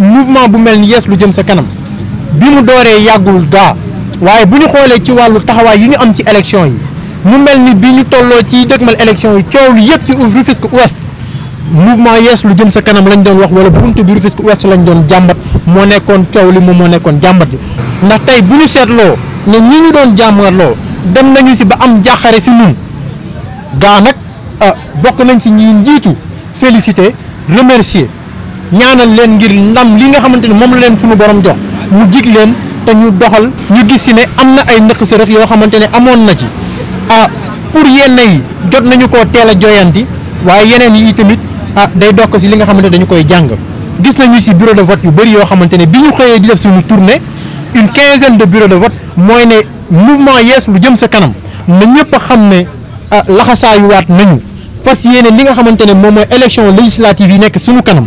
mouvement bu mel ni yees lu jëm sa kanam bi mu dooree yàggul gaa waaye bu ñu xoolee ci wàllu taxawaay yi ñu am ci élection yi mu mel ni bi ñu tolloo ci dëgmal élection yi coow lu yëpp ci Rufisque Ouest mouvement yees lu jëm sa kanam lañ doon wax wala buntu bi Rufisque Ouest lañ doon jàmbat moo nekkoon coow li moom moo nekkoon jàmbat li ndax tey bu ñu seetloo ne ñu ñu doon jàmmatloo dem nañu si ba am jàqare si ñun gaa nag ah, bokk nañ si ñi njiitu félicité remercier ñaanal leen ngir ndam li nga xamante ni moom la leen suñu borom jox mu jig leen te ñu doxal ñu gis si ne am na ay ndëq sërëx yoo xamante ne amoon na ci ah pour yenn yi jot nañu koo teel a joyanti waaye yeneen yi tamit a ah, day dokk si li nga xamante ne dañu koy jàng gis nañu si bureau de vote yu bëri yoo xamante ne bi ñu xëyee di def suñu tournée une quinzaine de bureau de vote mooy ne mouvement yees lu jëm sa kanam na ñëpp a xam ne ah, laxasaayuwaat nañu fas yéene li nga xamante ne moom mooy élection législative yi nekk suñu kanam